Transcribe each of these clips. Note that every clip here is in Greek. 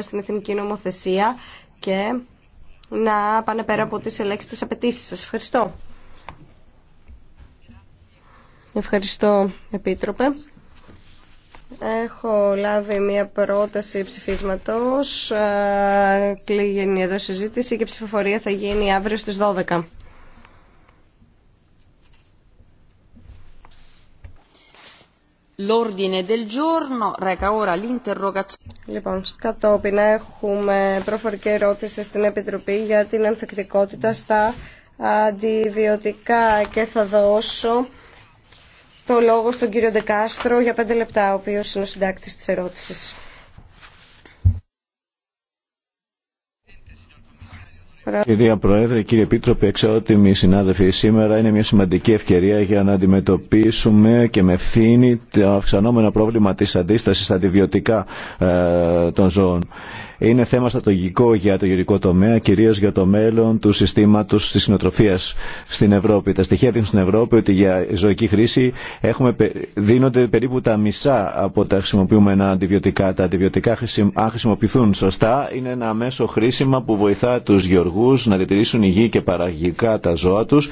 στην εθνική νομοθεσία και να πάνε πέρα από τις ελέγξεις απαιτήσει. Σας ευχαριστώ. Ευχαριστώ, Επίτροπε. Έχω λάβει μια πρόταση ψηφίσματος. Κλείγενη εδώ συζήτηση και ψηφοφορία θα γίνει αύριο στις 12. Λοιπόν, κατόπιν έχουμε προφορική ερώτηση στην Επιτροπή για την ανθεκτικότητα στα αντιβιωτικά και θα δώσω το λόγο στον κύριο Ντεκάστρο για πέντε λεπτά, ο οποίος είναι ο συντάκτης της ερώτησης. Κυρία Προέδρε, κύριε Επίτροπε, εξαιότιμοι συνάδελφοι, σήμερα είναι μια σημαντική ευκαιρία για να αντιμετωπίσουμε και με ευθύνη το αυξανόμενο πρόβλημα της αντίστασης στα αντιβιωτικά ε, των ζώων. Είναι θέμα στατογικό για το γεωρικό τομέα, κυρίω για το μέλλον του συστήματο τη συνοτροφία στην Ευρώπη. Τα στοιχεία δίνουν στην Ευρώπη ότι για ζωική χρήση έχουμε, δίνονται περίπου τα μισά από τα χρησιμοποιούμενα αντιβιωτικά. Τα αντιβιωτικά, αν χρησιμοποιηθούν σωστά, είναι ένα μέσο χρήσιμα που βοηθά του γεωργού να διατηρήσουν υγιή και παραγικά τα ζώα τους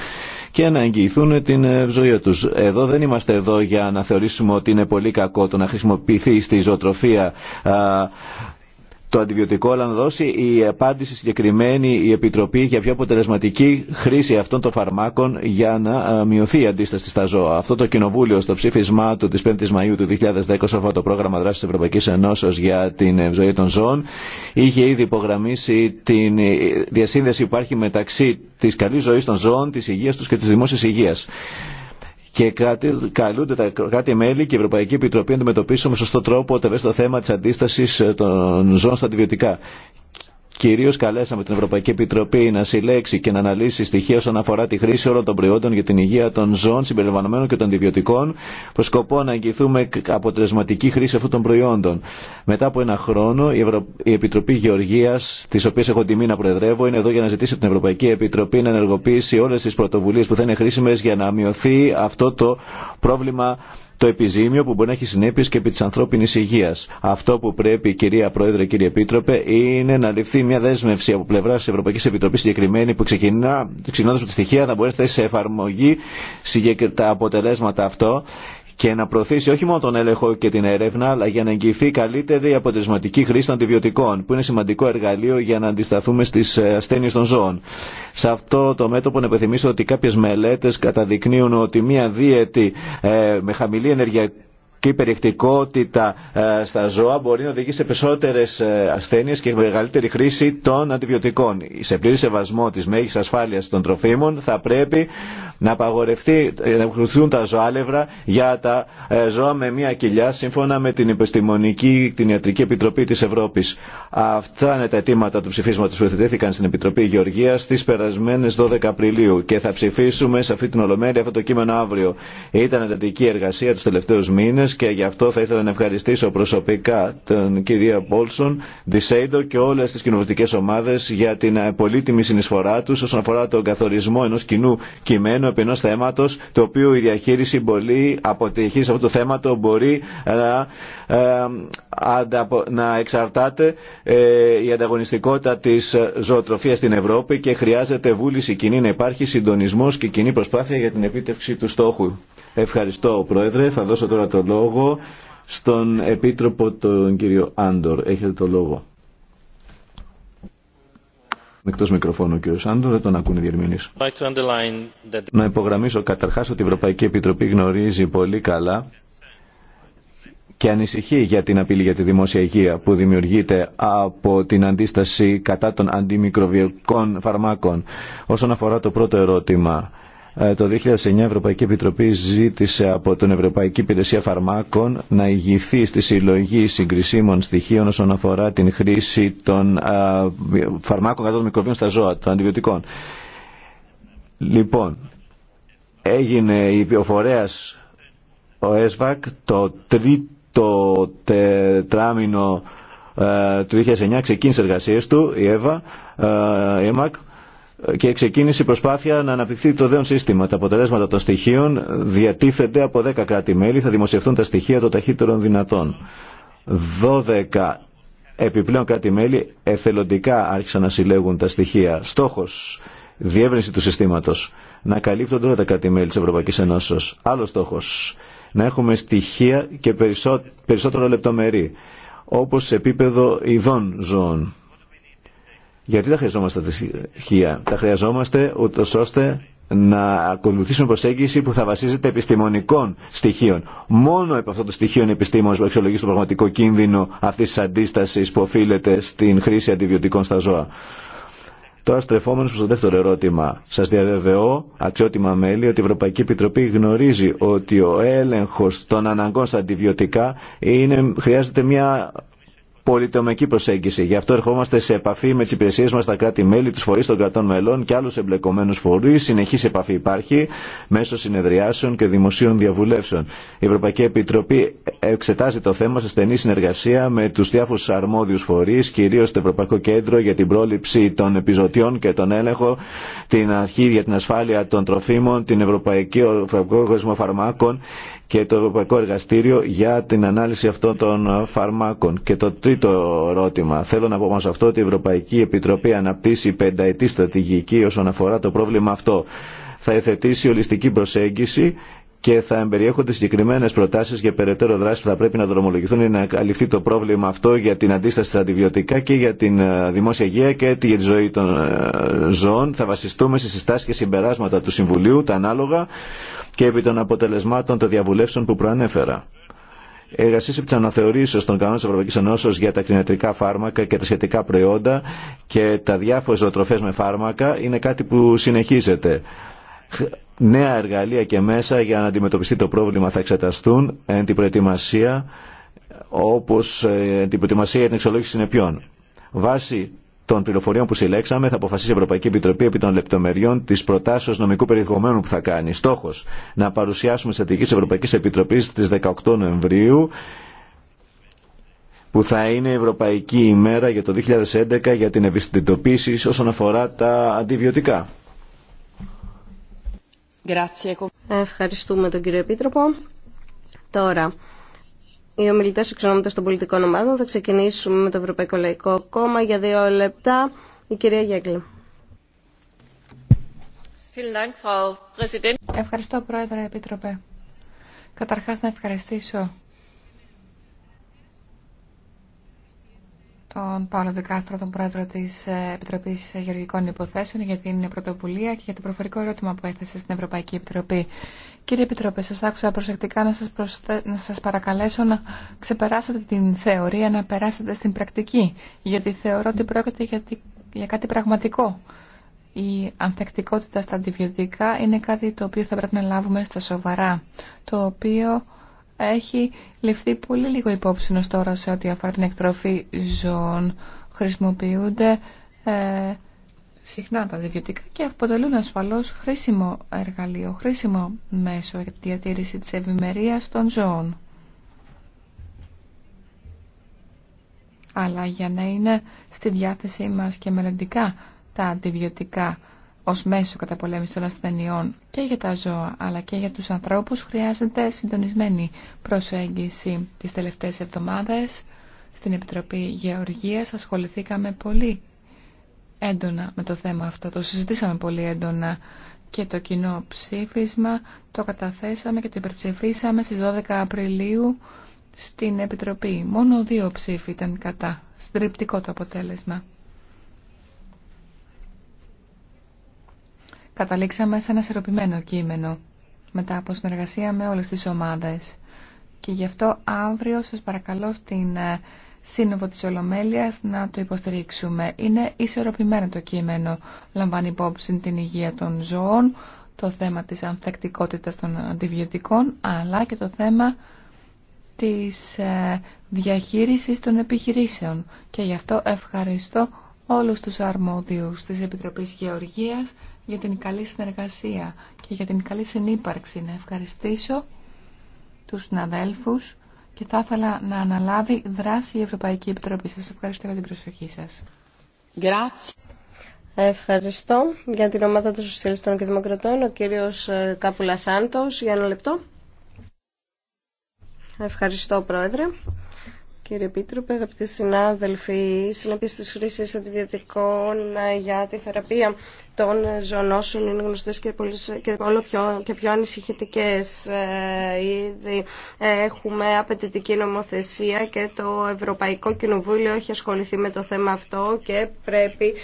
και να εγγυηθούν την ε, ζωή τους. Εδώ δεν είμαστε εδώ για να θεωρήσουμε ότι είναι πολύ κακό το να χρησιμοποιηθεί στη ζωοτροφία το αντιβιωτικό, αλλά να δώσει η απάντηση συγκεκριμένη η Επιτροπή για πιο αποτελεσματική χρήση αυτών των φαρμάκων για να ε, μειωθεί η αντίσταση στα ζώα. Αυτό το Κοινοβούλιο στο ψήφισμά του τη 5η Μαου του 2010 σε αυτό το πρόγραμμα δράση τη Ευρωπαϊκή Ενώσεω για την ε, ζωή των ζώων είχε ήδη υπογραμμίσει τη ε, διασύνδεση που υπάρχει μεταξύ τη καλή ζωή των ζώων, τη υγεία του και τη δημόσια υγεία και κράτη, καλούνται τα κράτη-μέλη και η Ευρωπαϊκή Επιτροπή να αντιμετωπίσουν με σωστό τρόπο το θέμα τη αντίσταση των ζώων στα αντιβιωτικά. Κυρίω καλέσαμε την Ευρωπαϊκή Επιτροπή να συλλέξει και να αναλύσει στοιχεία όσον αφορά τη χρήση όλων των προϊόντων για την υγεία των ζώων συμπεριλαμβανομένων και των αντιβιωτικών, προ σκοπό να αγγιθούμε αποτελεσματική χρήση αυτών των προϊόντων. Μετά από ένα χρόνο, η, Επιτροπή Γεωργία, τη οποία έχω τιμή να προεδρεύω, είναι εδώ για να ζητήσει από την Ευρωπαϊκή Επιτροπή να ενεργοποιήσει όλε τι πρωτοβουλίε που θα είναι χρήσιμε για να μειωθεί αυτό το πρόβλημα το επιζήμιο που μπορεί να έχει συνέπειε και επί τη ανθρώπινη υγεία. Αυτό που πρέπει, κυρία Πρόεδρε, κύριε Επίτροπε, είναι να ληφθεί μια δέσμευση από πλευρά τη Ευρωπαϊκή Επιτροπή συγκεκριμένη που ξεκινά, ξεκινώντα με τη στοιχεία, να μπορεί να θέσει σε εφαρμογή τα αποτελέσματα αυτό και να προωθήσει όχι μόνο τον έλεγχο και την έρευνα, αλλά για να εγγυηθεί καλύτερη αποτελεσματική χρήση των αντιβιωτικών, που είναι σημαντικό εργαλείο για να αντισταθούμε στι ε, ασθένειε των ζώων. Σε αυτό το μέτωπο να επιθυμίσω ότι κάποιε μελέτε καταδεικνύουν ότι μία δίαιτη ε, με χαμηλή ενεργειακή και η περιεκτικότητα ε, στα ζώα μπορεί να οδηγήσει σε περισσότερε ε, ασθένειε και μεγαλύτερη χρήση των αντιβιωτικών. Σε πλήρη σεβασμό τη μέγιστη ασφάλεια των τροφίμων θα πρέπει να απαγορευτεί ε, να χρησιμοποιηθούν τα ζωάλευρα για τα ζώα με μία κοιλιά σύμφωνα με την Επιστημονική την Ιατρική Επιτροπή τη Ευρώπη. Αυτά είναι τα αιτήματα του ψηφίσματο που θετήθηκαν στην Επιτροπή Γεωργία στι περασμένε 12 Απριλίου και θα ψηφίσουμε σε αυτή την ολομέλεια αυτό το κείμενο αύριο. Ήταν εντατική εργασία του τελευταίου μήνε και γι' αυτό θα ήθελα να ευχαριστήσω προσωπικά τον κυρία Πόλσον, Δισέιντο και όλες τις κοινοβουλευτικές ομάδες για την πολύτιμη συνεισφορά τους όσον αφορά τον καθορισμό ενός κοινού κειμένου επί ενός θέματος το οποίο η διαχείριση μπορεί από τη διαχείριση αυτού του θέματο μπορεί ε, ε, να, να εξαρτάται ε, η ανταγωνιστικότητα της ζωοτροφίας στην Ευρώπη και χρειάζεται βούληση κοινή να υπάρχει συντονισμός και κοινή προσπάθεια για την επίτευξη του στόχου. Ευχαριστώ, Πρόεδρε. Θα δώσω τώρα το λόγο στον Επίτροπο τον κύριο Άντορ. Έχετε το λόγο. Εκτός μικροφώνου ο κύριος Άντορ, δεν τον ακούνε οι διερμηνείς. Να υπογραμμίσω καταρχάς ότι η Ευρωπαϊκή Επιτροπή γνωρίζει πολύ καλά και ανησυχεί για την απειλή για τη δημόσια υγεία που δημιουργείται από την αντίσταση κατά των αντιμικροβιακών φαρμάκων. Όσον αφορά το πρώτο ερώτημα, ε, το 2009 η Ευρωπαϊκή Επιτροπή ζήτησε από την Ευρωπαϊκή Υπηρεσία Φαρμάκων να ηγηθεί στη συλλογή συγκρισίμων στοιχείων όσον αφορά την χρήση των ε, φαρμάκων κατά των μικροβίων στα ζώα, των αντιβιωτικών. Λοιπόν, έγινε η φορέας ο ΕΣΒΑΚ το τρίτο τετράμινο ε, του 2009 ξεκίνησε εργασίες του η ΕΒΑ, η ΕΜΑΚ και ξεκίνησε η προσπάθεια να αναπτυχθεί το δέον σύστημα. Τα αποτελέσματα των στοιχείων διατίθενται από 10 κράτη-μέλη, θα δημοσιευθούν τα στοιχεία των ταχύτερων δυνατών. 12 επιπλέον κράτη-μέλη εθελοντικά άρχισαν να συλλέγουν τα στοιχεία. Στόχο, διεύρυνση του συστήματο, Να καλύπτονται όλα τα κράτη-μέλη τη Ευρωπαϊκή Ενώσεως. Άλλος στόχος, να έχουμε στοιχεία και περισσότερο λεπτομερή, όπως σε επίπεδο ειδών ζώων. Γιατί τα χρειαζόμαστε τα στοιχεία. Τα χρειαζόμαστε ούτω ώστε να ακολουθήσουμε προσέγγιση που θα βασίζεται επιστημονικών στοιχείων. Μόνο από αυτό το στοιχείο είναι επιστήμονε που αξιολογεί το πραγματικό κίνδυνο αυτή τη αντίσταση που οφείλεται στην χρήση αντιβιωτικών στα ζώα. Τώρα στρεφόμενος στο δεύτερο ερώτημα. Σας διαβεβαιώ, αξιότιμα μέλη, ότι η Ευρωπαϊκή Επιτροπή γνωρίζει ότι ο έλεγχος των αναγκών στα αντιβιωτικά είναι, χρειάζεται μια πολυτομική προσέγγιση. Γι' αυτό ερχόμαστε σε επαφή με τι υπηρεσίε μα, τα κράτη-μέλη, του φορεί των κρατών μελών και άλλου εμπλεκομένου φορεί. Συνεχή επαφή υπάρχει μέσω συνεδριάσεων και δημοσίων διαβουλεύσεων. Η Ευρωπαϊκή Επιτροπή εξετάζει το θέμα σε στενή συνεργασία με του διάφορου αρμόδιου φορεί, κυρίω το Ευρωπαϊκό Κέντρο για την πρόληψη των επιζωτιών και τον έλεγχο, την Αρχή για την Ασφάλεια των Τροφίμων, την Ευρωπαϊκή Οργανισμό Φαρμάκων, και το Ευρωπαϊκό Εργαστήριο για την ανάλυση αυτών των φαρμάκων. Και το τρίτο ερώτημα. Θέλω να πω μας αυτό ότι η Ευρωπαϊκή Επιτροπή αναπτύσσει πενταετή στρατηγική όσον αφορά το πρόβλημα αυτό. Θα εθετήσει ολιστική προσέγγιση και θα εμπεριέχονται συγκεκριμένε προτάσει για περαιτέρω δράση που θα πρέπει να δρομολογηθούν για να καλυφθεί το πρόβλημα αυτό για την αντίσταση στα αντιβιωτικά και για την ε, δημόσια υγεία και για τη ζωή των ε, ζώων. Θα βασιστούμε σε συστάσει και συμπεράσματα του Συμβουλίου, τα ανάλογα και επί των αποτελεσμάτων των διαβουλεύσεων που προανέφερα. Εργασίε επί τη αναθεωρήσεω των κανόνων τη Ευρωπαϊκή Ενώσεω για τα κτηνιατρικά φάρμακα και τα σχετικά προϊόντα και τα διάφορε ζωοτροφέ με φάρμακα είναι κάτι που συνεχίζεται νέα εργαλεία και μέσα για να αντιμετωπιστεί το πρόβλημα θα εξεταστούν εν την προετοιμασία όπως ε, την προετοιμασία για την εξολόγηση συνεπιών. Βάσει των πληροφοριών που συλλέξαμε θα αποφασίσει η Ευρωπαϊκή Επιτροπή επί των λεπτομεριών τη προτάσεω νομικού περιεχομένου που θα κάνει. Στόχο να παρουσιάσουμε στρατηγική τη Ευρωπαϊκή Επιτροπή στι 18 Νοεμβρίου που θα είναι η Ευρωπαϊκή ημέρα για το 2011 για την ευαισθητοποίηση όσον αφορά τα αντιβιωτικά. Ευχαριστούμε τον κύριο Επίτροπο. Τώρα, οι ομιλητέ εξονόματο των πολιτικών ομάδων θα ξεκινήσουμε με το Ευρωπαϊκό Λαϊκό Κόμμα για δύο λεπτά. Η κυρία Γέγκλε. Ευχαριστώ, Πρόεδρε Επίτροπε. Καταρχάς να ευχαριστήσω τον Παύλο Δεκάστρο, τον πρόεδρο τη ε, Επιτροπή Γεωργικών Υποθέσεων, για την πρωτοβουλία και για το προφορικό ερώτημα που έθεσε στην Ευρωπαϊκή Επιτροπή. Κύριε Επιτροπέ, σα άκουσα προσεκτικά να σα προσθε... σας παρακαλέσω να ξεπεράσετε την θεωρία, να περάσετε στην πρακτική, γιατί θεωρώ ότι πρόκειται για, για κάτι πραγματικό. Η ανθεκτικότητα στα αντιβιωτικά είναι κάτι το οποίο θα πρέπει να λάβουμε στα σοβαρά, το οποίο έχει ληφθεί πολύ λίγο υπόψη τώρα σε ό,τι αφορά την εκτροφή ζώων. Χρησιμοποιούνται ε, συχνά τα αντιβιωτικά και αποτελούν ασφαλώς χρήσιμο εργαλείο, χρήσιμο μέσο για τη διατήρηση της ευημερία των ζώων. Αλλά για να είναι στη διάθεσή μας και μελλοντικά τα αντιβιωτικά ως μέσο καταπολέμησης των ασθενειών και για τα ζώα αλλά και για τους ανθρώπους χρειάζεται συντονισμένη προσέγγιση. Τις τελευταίες εβδομάδες στην Επιτροπή Γεωργίας ασχοληθήκαμε πολύ έντονα με το θέμα αυτό. Το συζητήσαμε πολύ έντονα και το κοινό ψήφισμα το καταθέσαμε και το υπερψηφίσαμε στις 12 Απριλίου στην Επιτροπή. Μόνο δύο ψήφοι ήταν κατά. Στριπτικό το αποτέλεσμα. Καταλήξαμε σε ένα σερωπημένο κείμενο μετά από συνεργασία με όλες τις ομάδες. Και γι' αυτό αύριο σας παρακαλώ στην ε, Σύνοβο της Ολομέλειας να το υποστηρίξουμε. Είναι ισορροπημένο το κείμενο. Λαμβάνει υπόψη την υγεία των ζώων, το θέμα της ανθεκτικότητας των αντιβιωτικών, αλλά και το θέμα της ε, διαχείρισης των επιχειρήσεων. Και γι' αυτό ευχαριστώ όλους τους αρμόδιους της Επιτροπής Γεωργίας για την καλή συνεργασία και για την καλή συνύπαρξη. Να ευχαριστήσω τους συναδέλφους και θα ήθελα να αναλάβει δράση η Ευρωπαϊκή Επιτροπή. Σας ευχαριστώ για την προσοχή σας. Ευχαριστώ για την ομάδα των Σοσιαλιστών και Δημοκρατών, ο κύριος ε, Κάπουλα Σάντος, για ένα λεπτό. Ευχαριστώ, Πρόεδρε. Κύριε Πίτροπε, αγαπητοί συνάδελφοι, η συνέπειε τη χρήση αντιβιωτικών ε, για τη θεραπεία των ζωνώσεων είναι γνωστέ και, και, όλο πιο, και πιο ανησυχητικέ. Ε, ήδη ε, έχουμε απαιτητική νομοθεσία και το Ευρωπαϊκό Κοινοβούλιο έχει ασχοληθεί με το θέμα αυτό και πρέπει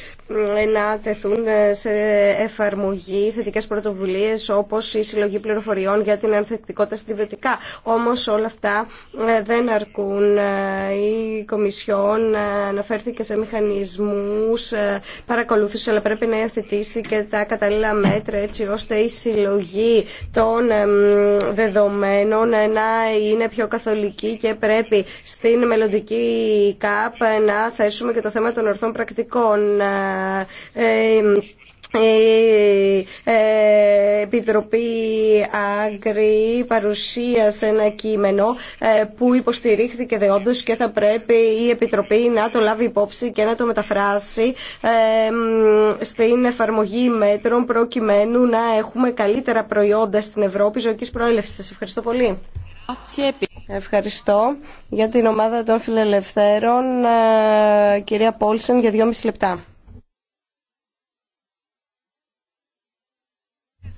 να τεθούν σε εφαρμογή θετικέ πρωτοβουλίε όπω η συλλογή πληροφοριών για την ανθεκτικότητα στην βιωτικά. Όμω όλα αυτά δεν αρκούν η Κομισιόν αναφέρθηκε σε μηχανισμούς ε, παρακολούθησης, αλλά πρέπει να υιοθετήσει και τα κατάλληλα μέτρα έτσι ώστε η συλλογή των δεδομένων να είναι πιο καθολική και πρέπει στην μελλοντική ΚΑΠ να θέσουμε και το θέμα των ορθών πρακτικών ε, ε, η ε, Επιτροπή Άγκρη παρουσίασε ένα κείμενο ε, που υποστηρίχθηκε δεόντως και θα πρέπει η Επιτροπή να το λάβει υπόψη και να το μεταφράσει ε, στην εφαρμογή μέτρων προκειμένου να έχουμε καλύτερα προϊόντα στην Ευρώπη ζωικής προέλευσης. Σας ευχαριστώ πολύ. Ευχαριστώ για την ομάδα των φιλελευθέρων κυρία Πόλσεν για δυόμιση λεπτά.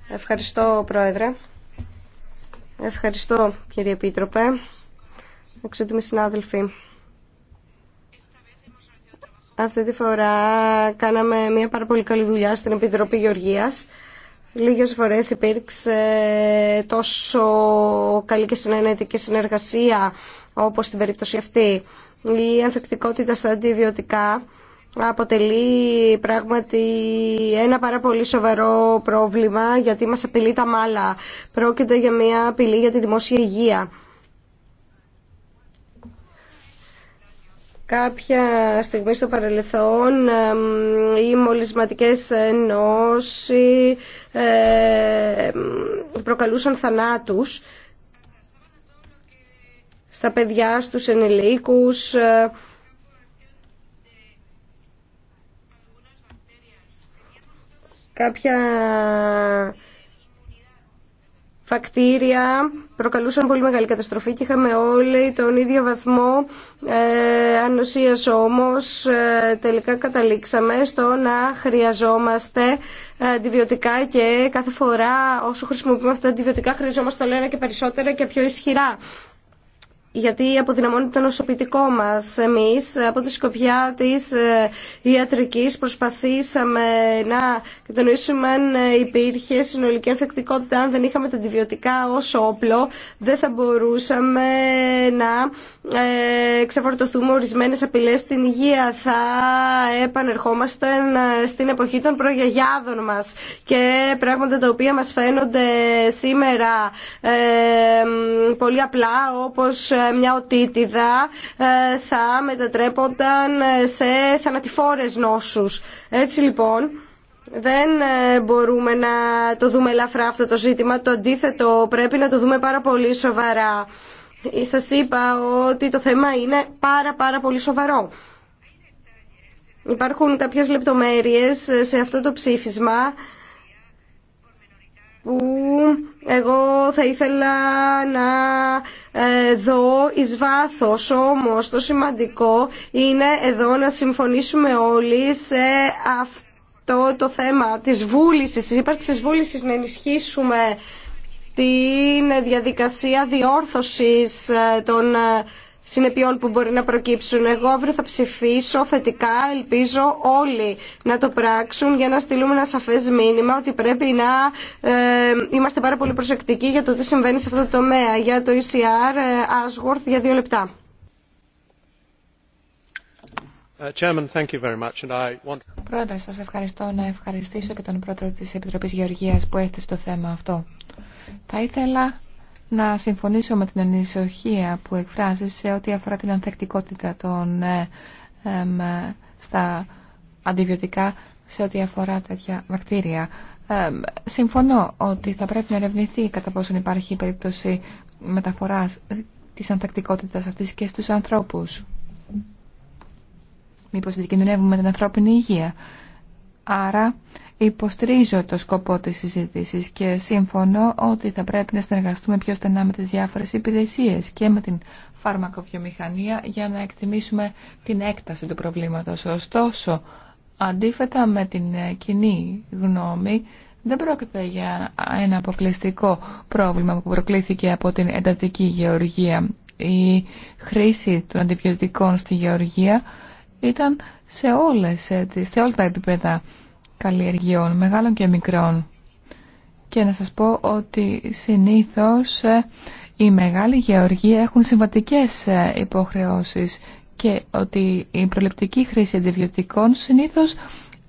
Ευχαριστώ, Πρόεδρε. Ευχαριστώ, κύριε Επίτροπε. Εξωτήμοι συνάδελφοι. Αυτή τη φορά κάναμε μια πάρα πολύ καλή δουλειά στην Επιτροπή Γεωργίας. Λίγες φορές υπήρξε τόσο καλή και συνενετική συνεργασία όπως στην περίπτωση αυτή. Η ανθεκτικότητα στα αντιβιωτικά αποτελεί πράγματι ένα πάρα πολύ σοβαρό πρόβλημα γιατί μας απειλεί τα μάλα. Πρόκειται για μια απειλή για τη δημόσια υγεία. Κάποια στιγμή στο παρελθόν οι μολυσματικές νόσοι προκαλούσαν θανάτους στα παιδιά, στους ενηλίκους, κάποια φακτήρια προκαλούσαν πολύ μεγάλη καταστροφή και είχαμε όλοι τον ίδιο βαθμό ε, ανοσίας όμως ε, τελικά καταλήξαμε στο να χρειαζόμαστε αντιβιωτικά και κάθε φορά όσο χρησιμοποιούμε αυτά τα αντιβιωτικά χρειαζόμαστε όλο ένα και περισσότερα και πιο ισχυρά γιατί αποδυναμώνει το νοσοποιητικό μας. Εμείς από τη σκοπιά της ε, ιατρικής προσπαθήσαμε να κατανοήσουμε αν ε, υπήρχε συνολική ανθεκτικότητα. Αν δεν είχαμε τα αντιβιωτικά ως όπλο δεν θα μπορούσαμε να ε, ξεφορτωθούμε ορισμένες απειλές στην υγεία. Θα επανερχόμασταν στην εποχή των προγιαγιάδων μας και πράγματα τα οποία μας φαίνονται σήμερα πολύ απλά όπως μια οτίτιδα ε, θα μετατρέπονταν σε θανατηφόρες νόσους. Έτσι λοιπόν... Δεν ε, μπορούμε να το δούμε ελαφρά αυτό το ζήτημα, το αντίθετο πρέπει να το δούμε πάρα πολύ σοβαρά. Σας είπα ότι το θέμα είναι πάρα πάρα πολύ σοβαρό. Υπάρχουν κάποιες λεπτομέρειες σε αυτό το ψήφισμα που εγώ θα ήθελα να ε, δω εις βάθος, όμως το σημαντικό είναι εδώ να συμφωνήσουμε όλοι σε αυτό το θέμα της βούλησης, της ύπαρξης βούλησης να ενισχύσουμε την διαδικασία διόρθωσης ε, των ε, συνεπειών που μπορεί να προκύψουν. Εγώ αύριο θα ψηφίσω θετικά, ελπίζω όλοι να το πράξουν για να στείλουμε ένα σαφές μήνυμα ότι πρέπει να ε, είμαστε πάρα πολύ προσεκτικοί για το τι συμβαίνει σε αυτό το τομέα. Για το ECR, ε, Ashworth, για δύο λεπτά. Uh, Πρόεδρε, σας ευχαριστώ να ευχαριστήσω και τον πρόεδρο της Επιτροπής Γεωργίας που έθεσε το θέμα αυτό. Θα ήθελα να συμφωνήσω με την ανησυχία που εκφράζει σε ό,τι αφορά την ανθεκτικότητα των, ε, στα αντιβιωτικά σε ό,τι αφορά τέτοια βακτήρια. συμφωνώ ότι θα πρέπει να ερευνηθεί κατά πόσον υπάρχει περίπτωση μεταφοράς της ανθεκτικότητας αυτής και στους ανθρώπους. Μήπως με την ανθρώπινη υγεία. Άρα υποστρίζω το σκοπό της συζήτησης και συμφωνώ ότι θα πρέπει να συνεργαστούμε πιο στενά με τις διάφορες υπηρεσίες και με την φαρμακοβιομηχανία για να εκτιμήσουμε την έκταση του προβλήματος. Ωστόσο, αντίθετα με την κοινή γνώμη, δεν πρόκειται για ένα αποκλειστικό πρόβλημα που προκλήθηκε από την εντατική γεωργία. Η χρήση των αντιβιωτικών στη γεωργία ήταν σε, όλες, ε, σε όλα τα επίπεδα καλλιεργειών, μεγάλων και μικρών. Και να σας πω ότι συνήθως ε, οι μεγάλοι γεωργοί έχουν συμβατικές ε, υποχρεώσεις και ότι η προληπτική χρήση αντιβιωτικών συνήθως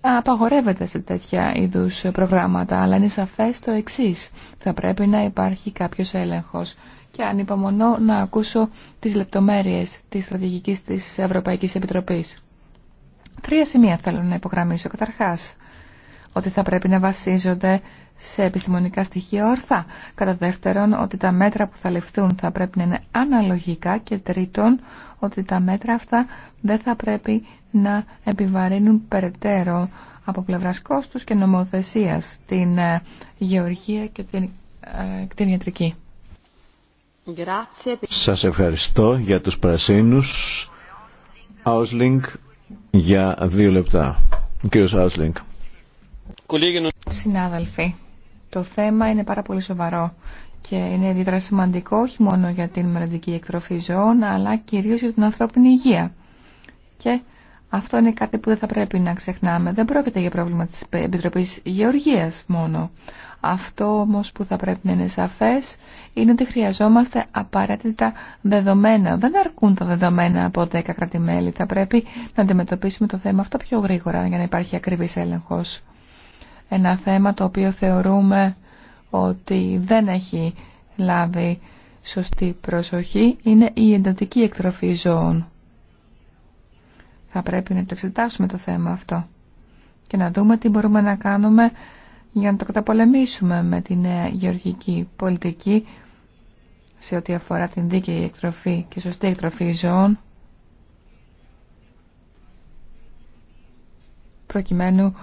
απαγορεύεται σε τέτοια είδους προγράμματα, αλλά είναι σαφές το εξής. Θα πρέπει να υπάρχει κάποιος έλεγχος. Και ανυπομονώ να ακούσω τις λεπτομέρειες της στρατηγικής της Ευρωπαϊκής Επιτροπής. Τρία σημεία θέλω να υπογραμμίσω. Καταρχάς, ότι θα πρέπει να βασίζονται σε επιστημονικά στοιχεία ορθά. Κατά δεύτερον, ότι τα μέτρα που θα ληφθούν θα πρέπει να είναι αναλογικά. Και τρίτον, ότι τα μέτρα αυτά δεν θα πρέπει να επιβαρύνουν περαιτέρω από πλευράς κόστους και νομοθεσίας την ε, γεωργία και την ε, ιατρική. Σας ευχαριστώ για τους πρασίνους για δύο λεπτά. κύριος Συνάδελφοι, το θέμα είναι πάρα πολύ σοβαρό και είναι ιδιαίτερα σημαντικό όχι μόνο για την μελλοντική εκτροφή ζώων αλλά κυρίως για την ανθρώπινη υγεία. Και αυτό είναι κάτι που δεν θα πρέπει να ξεχνάμε. Δεν πρόκειται για πρόβλημα της Επιτροπής Γεωργίας μόνο. Αυτό όμως που θα πρέπει να είναι σαφές είναι ότι χρειαζόμαστε απαραίτητα δεδομένα. Δεν αρκούν τα δεδομένα από 10 κρατημέλη. Θα πρέπει να αντιμετωπίσουμε το θέμα αυτό πιο γρήγορα για να υπάρχει ακριβής έλεγχος. Ένα θέμα το οποίο θεωρούμε ότι δεν έχει λάβει σωστή προσοχή είναι η εντατική εκτροφή ζώων. Θα πρέπει να το εξετάσουμε το θέμα αυτό και να δούμε τι μπορούμε να κάνουμε για να το καταπολεμήσουμε με τη νέα γεωργική πολιτική σε ό,τι αφορά την δίκαιη εκτροφή και σωστή εκτροφή ζώων προκειμένου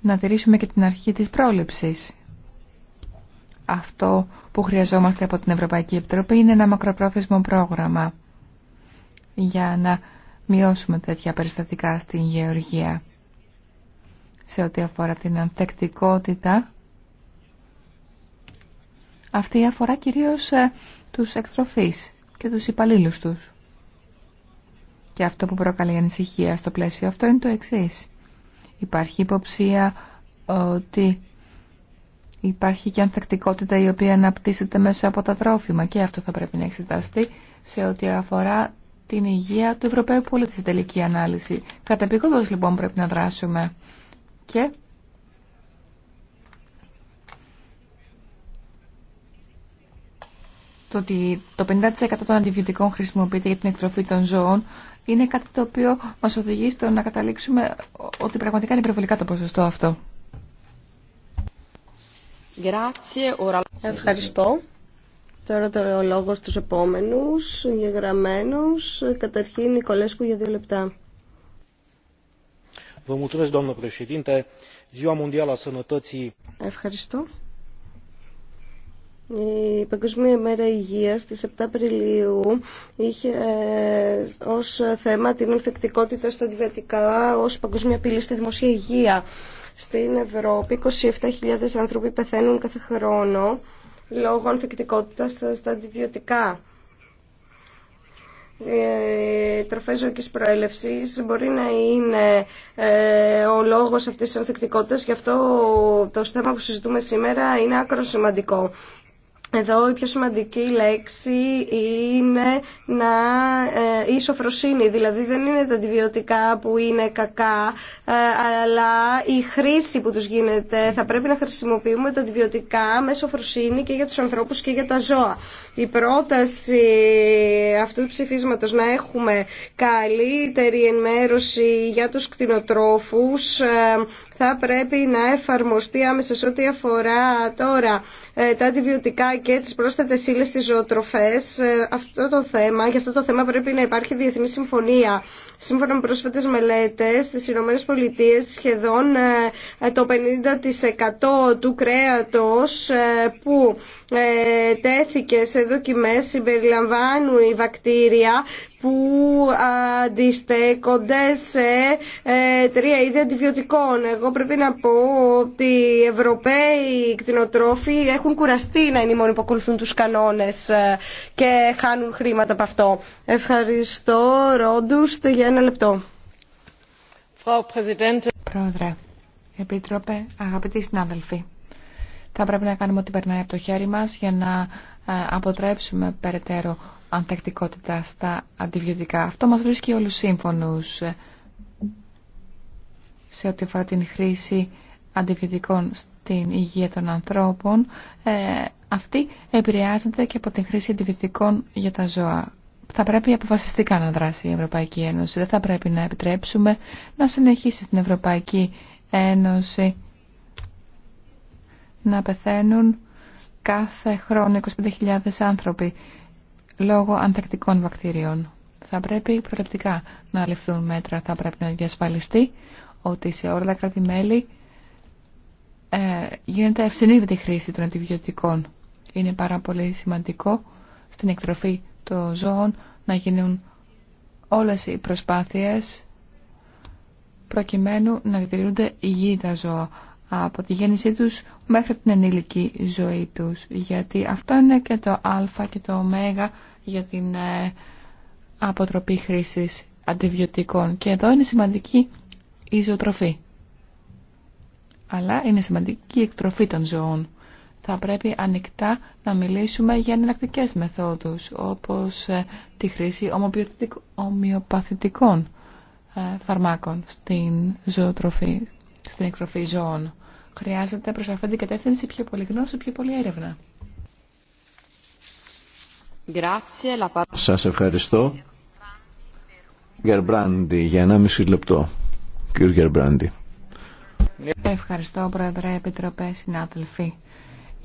να τηρήσουμε και την αρχή της πρόληψης. Αυτό που χρειαζόμαστε από την Ευρωπαϊκή Επιτροπή είναι ένα μακροπρόθεσμο πρόγραμμα για να μειώσουμε τέτοια περιστατικά στην γεωργία σε ό,τι αφορά την ανθεκτικότητα. Αυτή αφορά κυρίως ε, τους εκτροφείς και τους υπαλλήλους τους. Και αυτό που προκαλεί ανησυχία στο πλαίσιο αυτό είναι το εξής. Υπάρχει υποψία ότι υπάρχει και ανθεκτικότητα η οποία αναπτύσσεται μέσα από τα τρόφιμα και αυτό θα πρέπει να εξεταστεί σε ό,τι αφορά την υγεία του Ευρωπαίου πολίτη στην τελική ανάλυση. Κατεπικόντως λοιπόν πρέπει να δράσουμε και το ότι το 50% των αντιβιωτικών χρησιμοποιείται για την εκτροφή των ζώων είναι κάτι το οποίο μας οδηγεί στο να καταλήξουμε ότι πραγματικά είναι υπερβολικά το ποσοστό αυτό. Ευχαριστώ. Τώρα το λόγο στους επόμενους γεγραμμένους. Καταρχήν Νικολέσκου για δύο λεπτά. Ευχαριστώ. Η Παγκοσμία Μέρα Υγείας στις 7 Απριλίου είχε ε, ως θέμα την ολθεκτικότητα στα αντιβατικά ως παγκοσμία πύλη στη δημοσία υγεία. Στην Ευρώπη 27.000 άνθρωποι πεθαίνουν κάθε χρόνο λόγω ανθεκτικότητας στα αντιβιωτικά. Ε, τροφές ζωικής προέλευσης μπορεί να είναι ε, ο λόγος αυτής της ανθεκτικότητας γι' αυτό το θέμα που συζητούμε σήμερα είναι άκρο σημαντικό εδώ η πιο σημαντική λέξη είναι να, ε, η σοφροσύνη, δηλαδή δεν είναι τα αντιβιωτικά που είναι κακά, ε, αλλά η χρήση που τους γίνεται. Θα πρέπει να χρησιμοποιούμε τα αντιβιωτικά με σοφροσύνη και για τους ανθρώπους και για τα ζώα η πρόταση αυτού του ψηφίσματος να έχουμε καλύτερη ενημέρωση για τους κτηνοτρόφους ε, θα πρέπει να εφαρμοστεί άμεσα ό,τι αφορά τώρα ε, τα αντιβιωτικά και τις πρόσθετες ύλες στις ζωοτροφές. Ε, αυτό το θέμα, για αυτό το θέμα πρέπει να υπάρχει διεθνή συμφωνία. Σύμφωνα με πρόσφατες μελέτες, στις Ηνωμένες Πολιτείες σχεδόν το 50% του κρέατος που τέθηκε σε δοκιμές συμπεριλαμβάνουν οι βακτήρια που αντιστέκονται σε ε, τρία είδη αντιβιωτικών. Εγώ πρέπει να πω ότι οι Ευρωπαίοι κτηνοτρόφοι έχουν κουραστεί να είναι οι μόνοι που ακολουθούν τους κανόνες ε, και χάνουν χρήματα από αυτό. Ευχαριστώ, Ρόντους, για ένα λεπτό. Πρόεδρε, Επίτροπε, αγαπητοί συνάδελφοι θα πρέπει να κάνουμε ό,τι περνάει από το χέρι μας για να ε, αποτρέψουμε περαιτέρω ανθεκτικότητα στα αντιβιωτικά. Αυτό μας βρίσκει όλους σύμφωνους ε, σε ό,τι αφορά την χρήση αντιβιωτικών στην υγεία των ανθρώπων. Ε, αυτή επηρεάζεται και από την χρήση αντιβιωτικών για τα ζώα. Θα πρέπει αποφασιστικά να δράσει η Ευρωπαϊκή Ένωση. Δεν θα πρέπει να επιτρέψουμε να συνεχίσει την Ευρωπαϊκή Ένωση να πεθαίνουν κάθε χρόνο 25.000 άνθρωποι λόγω ανθεκτικών βακτηρίων. Θα πρέπει προληπτικά να ληφθούν μέτρα. Θα πρέπει να διασφαλιστεί ότι σε όλα τα κράτη-μέλη ε, γίνεται ευσυνείδητη χρήση των αντιβιωτικών. Είναι πάρα πολύ σημαντικό στην εκτροφή των ζώων να γίνουν όλες οι προσπάθειες προκειμένου να διατηρούνται υγιή τα ζώα από τη γέννησή τους μέχρι την ενήλικη ζωή τους. Γιατί αυτό είναι και το α και το ω για την ε, αποτροπή χρήσης αντιβιωτικών. Και εδώ είναι σημαντική η ζωοτροφή. Αλλά είναι σημαντική η εκτροφή των ζώων. Θα πρέπει ανοιχτά να μιλήσουμε για εναλλακτικέ μεθόδους, όπως ε, τη χρήση ομοιοπαθητικών ε, φαρμάκων στην ζωοτροφή στην εκτροφή ζώων. Χρειάζεται προ αυτήν την κατεύθυνση πιο πολύ γνώση, πιο πολύ έρευνα. Σας ευχαριστώ. Γερμπράντι, για μισή λεπτό. Κύριε Γερμπράντι. Ευχαριστώ, Πρόεδρε, Επιτροπέ, συνάδελφοι.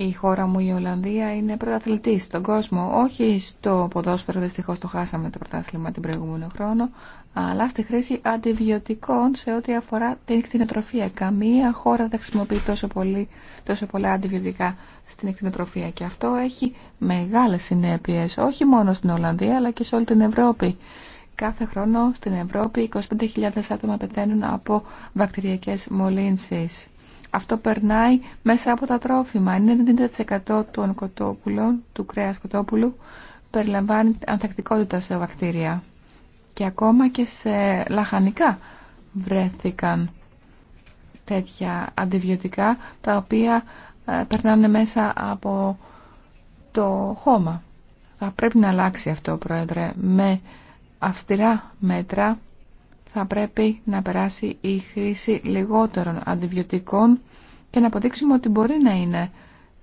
Η χώρα μου, η Ολλανδία, είναι πρωταθλητή στον κόσμο. Όχι στο ποδόσφαιρο, δυστυχώ το χάσαμε το πρωτάθλημα την προηγούμενο χρόνο, αλλά στη χρήση αντιβιωτικών σε ό,τι αφορά την κτηνοτροφία. Καμία χώρα δεν χρησιμοποιεί τόσο, πολύ, τόσο πολλά αντιβιωτικά στην κτηνοτροφία. Και αυτό έχει μεγάλε συνέπειε, όχι μόνο στην Ολλανδία, αλλά και σε όλη την Ευρώπη. Κάθε χρόνο στην Ευρώπη 25.000 άτομα πεθαίνουν από βακτηριακές μολύνσεις. Αυτό περνάει μέσα από τα τρόφιμα. 90% των κοτόπουλων, του κρέας κοτόπουλου, περιλαμβάνει ανθεκτικότητα σε βακτήρια. Και ακόμα και σε λαχανικά βρέθηκαν τέτοια αντιβιωτικά, τα οποία ε, περνάνε μέσα από το χώμα. Θα πρέπει να αλλάξει αυτό, Πρόεδρε, με αυστηρά μέτρα θα πρέπει να περάσει η χρήση λιγότερων αντιβιωτικών και να αποδείξουμε ότι μπορεί να είναι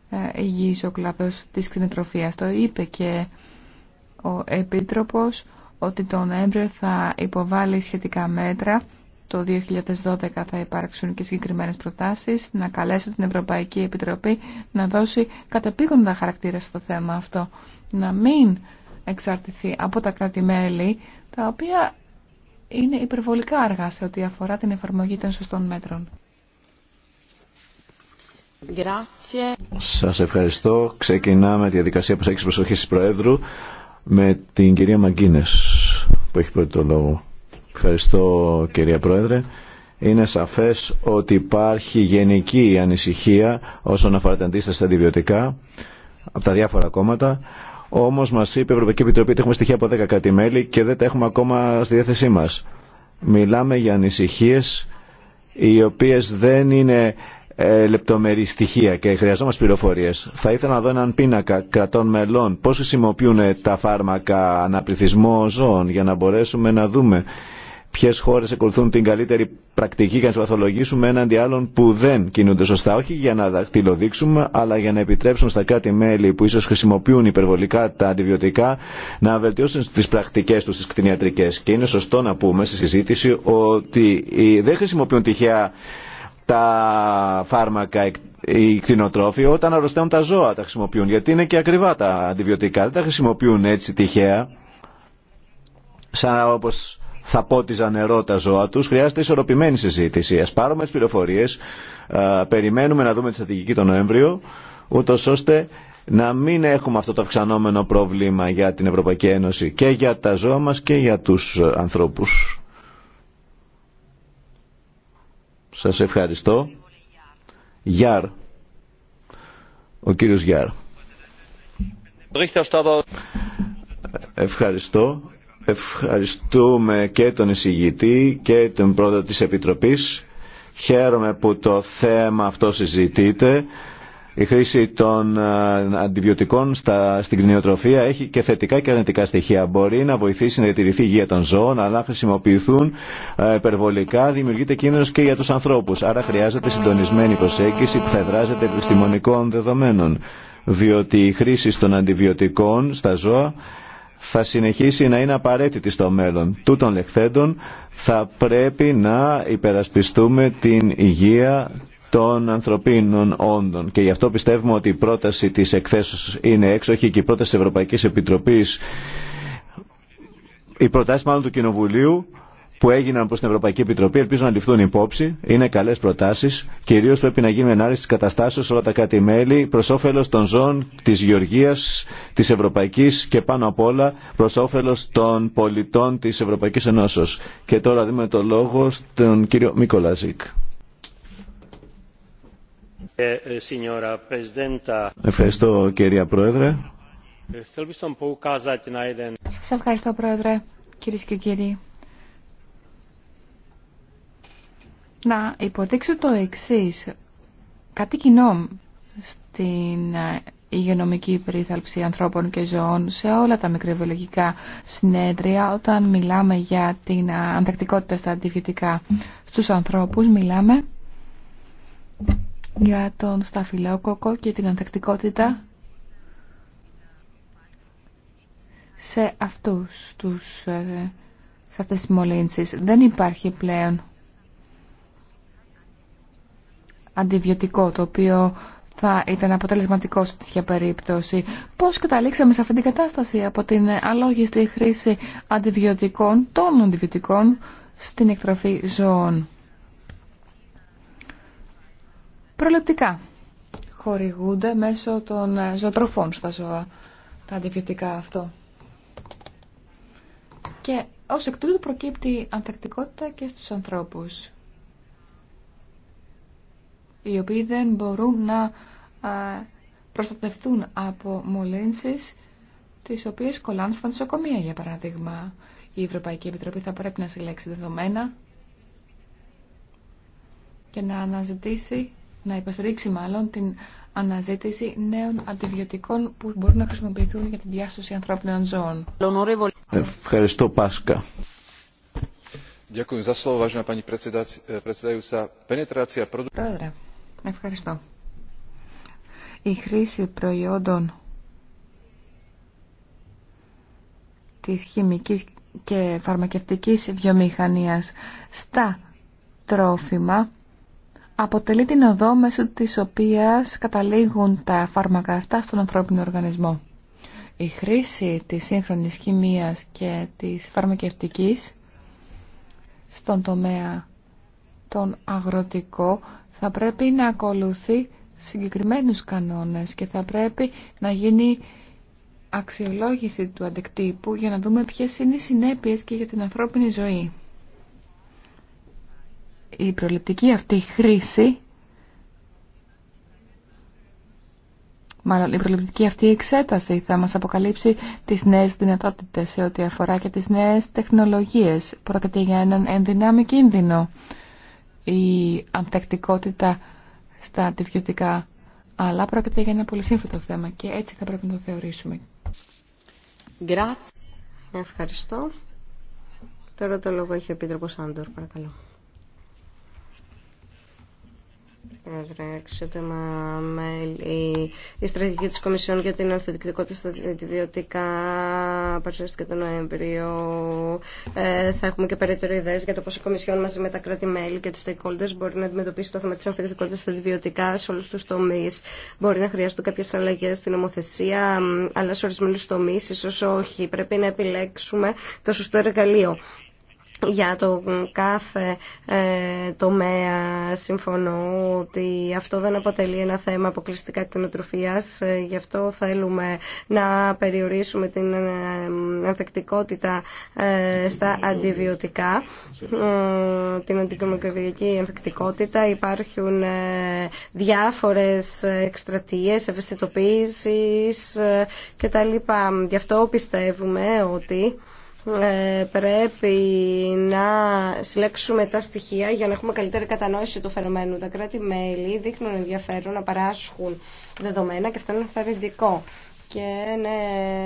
ε, υγιής ο κλάδος της κτηνοτροφίας. Το είπε και ο Επίτροπος ότι τον Νοέμβριο θα υποβάλει σχετικά μέτρα. Το 2012 θα υπάρξουν και συγκεκριμένες προτάσεις να καλέσω την Ευρωπαϊκή Επιτροπή να δώσει καταπήγοντα χαρακτήρα στο θέμα αυτό. Να μην εξαρτηθεί από τα κράτη-μέλη τα οποία είναι υπερβολικά αργά σε ό,τι αφορά την εφαρμογή των σωστών μέτρων. Σα ευχαριστώ. Ξεκινάμε τη διαδικασία προσέγγιση προσοχή τη Προέδρου με την κυρία Μαγκίνε που έχει πρώτο λόγο. Ευχαριστώ κυρία Πρόεδρε. Είναι σαφέ ότι υπάρχει γενική ανησυχία όσον αφορά τα αντίσταση στα αντιβιωτικά από τα διάφορα κόμματα. Όμω μα είπε η Ευρωπαϊκή Επιτροπή ότι έχουμε στοιχεία από 10 κράτη-μέλη και δεν τα έχουμε ακόμα στη διάθεσή μα. Μιλάμε για ανησυχίε οι οποίε δεν είναι ε, λεπτομερή στοιχεία και χρειαζόμαστε πληροφορίε. Θα ήθελα να δω έναν πίνακα κρατών μελών πώ χρησιμοποιούν τα φάρμακα αναπληθισμό ζώων για να μπορέσουμε να δούμε ποιε χώρε ακολουθούν την καλύτερη πρακτική για να τι βαθολογήσουμε έναντι άλλων που δεν κινούνται σωστά. Όχι για να δαχτυλοδείξουμε, αλλά για να επιτρέψουμε στα κράτη-μέλη που ίσω χρησιμοποιούν υπερβολικά τα αντιβιωτικά να βελτιώσουν τι πρακτικέ του στι κτηνιατρικέ. Και είναι σωστό να πούμε στη συζήτηση ότι δεν χρησιμοποιούν τυχαία τα φάρμακα οι κτηνοτρόφοι όταν αρρωσταίνουν τα ζώα τα χρησιμοποιούν γιατί είναι και ακριβά τα αντιβιωτικά δεν τα χρησιμοποιούν έτσι τυχαία σαν όπως θα πότιζαν νερό τα ζώα του. Χρειάζεται ισορροπημένη συζήτηση. Α πάρουμε τι πληροφορίες, περιμένουμε να δούμε τη στρατηγική τον Νοέμβριο, ούτω ώστε να μην έχουμε αυτό το αυξανόμενο πρόβλημα για την Ευρωπαϊκή Ένωση και για τα ζώα μας και για τους ανθρώπους. Σας ευχαριστώ. Γιάρ. Ο κύριος Γιάρ. Ευχαριστώ. Ευχαριστούμε και τον εισηγητή και τον πρόεδρο της Επιτροπής. Χαίρομαι που το θέμα αυτό συζητείται. Η χρήση των ε, αντιβιωτικών στα, στην κλινιοτροφία έχει και θετικά και αρνητικά στοιχεία. Μπορεί να βοηθήσει να διατηρηθεί η υγεία των ζώων, αλλά αν χρησιμοποιηθούν ε, υπερβολικά δημιουργείται κίνδυνο και για του ανθρώπου. Άρα χρειάζεται συντονισμένη προσέγγιση που θα εδράζεται επιστημονικών δεδομένων. Διότι η χρήση των αντιβιωτικών στα ζώα θα συνεχίσει να είναι απαραίτητη στο μέλλον. Τούτων λεχθέντων θα πρέπει να υπερασπιστούμε την υγεία των ανθρωπίνων όντων. Και γι' αυτό πιστεύουμε ότι η πρόταση της εκθέσεως είναι έξοχη και η πρόταση της Ευρωπαϊκής Επιτροπής, η προτάση μάλλον του Κοινοβουλίου που έγιναν προ την Ευρωπαϊκή Επιτροπή ελπίζω να ληφθούν υπόψη. Είναι καλέ προτάσει. Κυρίω πρέπει να γίνει ανάλυση τη καταστάσεω όλα τα κράτη-μέλη προ όφελο των ζώων τη Γεωργία, τη Ευρωπαϊκή και πάνω απ' όλα προ όφελο των πολιτών τη Ευρωπαϊκή Ενώσεω. Και τώρα δούμε το λόγο στον κύριο Μικολαζίκ. Ε, ε, ευχαριστώ κυρία Πρόεδρε. Ε, Σας ευχαριστώ Πρόεδρε, κυρίες και κύριοι. να υποδείξω το εξής. Κάτι κοινό στην ε, υγειονομική περίθαλψη ανθρώπων και ζωών σε όλα τα μικροβιολογικά συνέδρια όταν μιλάμε για την ε, ανθεκτικότητα στα αντιβιωτικά στους ανθρώπους μιλάμε για τον σταφυλόκοκο και την ανθεκτικότητα σε αυτούς τους ε, σε αυτές τις μολύνσεις δεν υπάρχει πλέον αντιβιωτικό το οποίο θα ήταν αποτελεσματικό σε τέτοια περίπτωση. Πώς καταλήξαμε σε αυτή την κατάσταση από την αλόγιστη χρήση αντιβιωτικών, των αντιβιωτικών, στην εκτροφή ζώων. Προληπτικά χορηγούνται μέσω των ζωοτροφών στα ζώα τα αντιβιωτικά αυτό. Και ως εκ τούτου προκύπτει ανθεκτικότητα και στους ανθρώπους οι οποίοι δεν μπορούν να ε, προστατευτούν από μολύνσεις τις οποίες κολλάνε στα νοσοκομεία, για παράδειγμα. Η Ευρωπαϊκή Επιτροπή θα πρέπει να συλλέξει δεδομένα και να αναζητήσει, να υποστηρίξει μάλλον την αναζήτηση νέων αντιβιωτικών που μπορούν να χρησιμοποιηθούν για τη διάσωση ανθρώπινων ζώων. Ευχαριστώ Πάσκα. Πρόεδρε, Ευχαριστώ. Η χρήση προϊόντων της χημικής και φαρμακευτικής βιομηχανίας στα τρόφιμα αποτελεί την οδό μέσω της οποίας καταλήγουν τα φάρμακα αυτά στον ανθρώπινο οργανισμό. Η χρήση της σύγχρονης χημίας και της φαρμακευτικής στον τομέα τον αγροτικό θα πρέπει να ακολουθεί συγκεκριμένους κανόνες και θα πρέπει να γίνει αξιολόγηση του αντικτύπου για να δούμε ποιες είναι οι συνέπειες και για την ανθρώπινη ζωή. Η προληπτική αυτή χρήση, μάλλον η προληπτική αυτή εξέταση θα μας αποκαλύψει τις νέες δυνατότητες σε ό,τι αφορά και τις νέες τεχνολογίες. Πρόκειται για έναν ενδυνάμει κίνδυνο η ανθεκτικότητα στα αντιβιωτικά. Αλλά πρόκειται για ένα πολύ σύμφωτο θέμα και έτσι θα πρέπει να το θεωρήσουμε. Ευχαριστώ. Τώρα το λόγο έχει ο Επίτροπος Άντορ, παρακαλώ. Πρόεδρε, αξιότιμα μέλη, η στρατηγική τη Κομισιόν για την ανθεκτικότητα στα ιδιωτικά, παρουσιάστηκε το Νοέμβριο. Ε, θα έχουμε και περαιτέρω ιδέε για το πώ η Κομισιόν μαζί με τα κράτη-μέλη και τους stakeholders μπορεί να αντιμετωπίσει το θέμα της ανθεκτικότητας στα ιδιωτικά σε όλου του τομεί. Μπορεί να χρειαστούν κάποιε αλλαγέ στην νομοθεσία, αλλά σε ορισμένους τομείς, ίσως όχι. Πρέπει να επιλέξουμε το σωστό εργαλείο για το κάθε ε, τομέα συμφωνώ ότι αυτό δεν αποτελεί ένα θέμα αποκλειστικά κτηνοτροφίας ε, γι' αυτό θέλουμε να περιορίσουμε την ε, ανθεκτικότητα ε, στα αντιβιωτικά ε, την αντικομικοβιακή ανθεκτικότητα υπάρχουν διάφορες εκστρατείες ευαισθητοποίησης κτλ. Γι' αυτό πιστεύουμε ότι ε, πρέπει να συλλέξουμε τα στοιχεία για να έχουμε καλύτερη κατανόηση του φαινομένου. Τα κράτη-μέλη δείχνουν ενδιαφέρον να παράσχουν δεδομένα και αυτό είναι θετικό. Και ναι,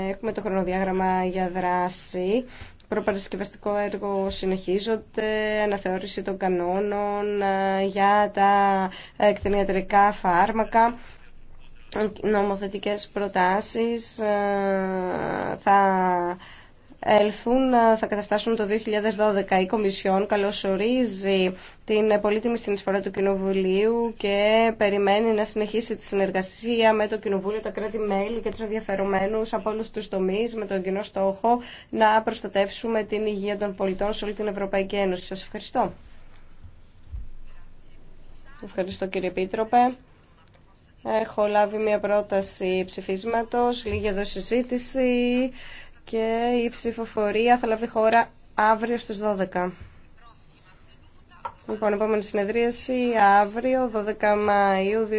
έχουμε το χρονοδιάγραμμα για δράση. Προπαρασκευαστικό έργο συνεχίζονται, αναθεώρηση των κανόνων ε, για τα εκτενιατρικά φάρμακα νομοθετικές προτάσεις ε, θα έλθουν θα καταφτάσουν το 2012. Η Κομισιόν καλωσορίζει την πολύτιμη συνεισφορά του Κοινοβουλίου και περιμένει να συνεχίσει τη συνεργασία με το Κοινοβούλιο, τα κράτη-μέλη και τους ενδιαφερομένους από όλους τους τομείς με τον κοινό στόχο να προστατεύσουμε την υγεία των πολιτών σε όλη την Ευρωπαϊκή Ένωση. Σας ευχαριστώ. Ευχαριστώ κύριε Πίτροπε. Έχω λάβει μια πρόταση ψηφίσματος, λίγη εδώ συζήτηση και η ψηφοφορία θα λάβει χώρα αύριο στις 12. Λοιπόν, επόμενη συνεδρίαση αύριο 12 Μαΐου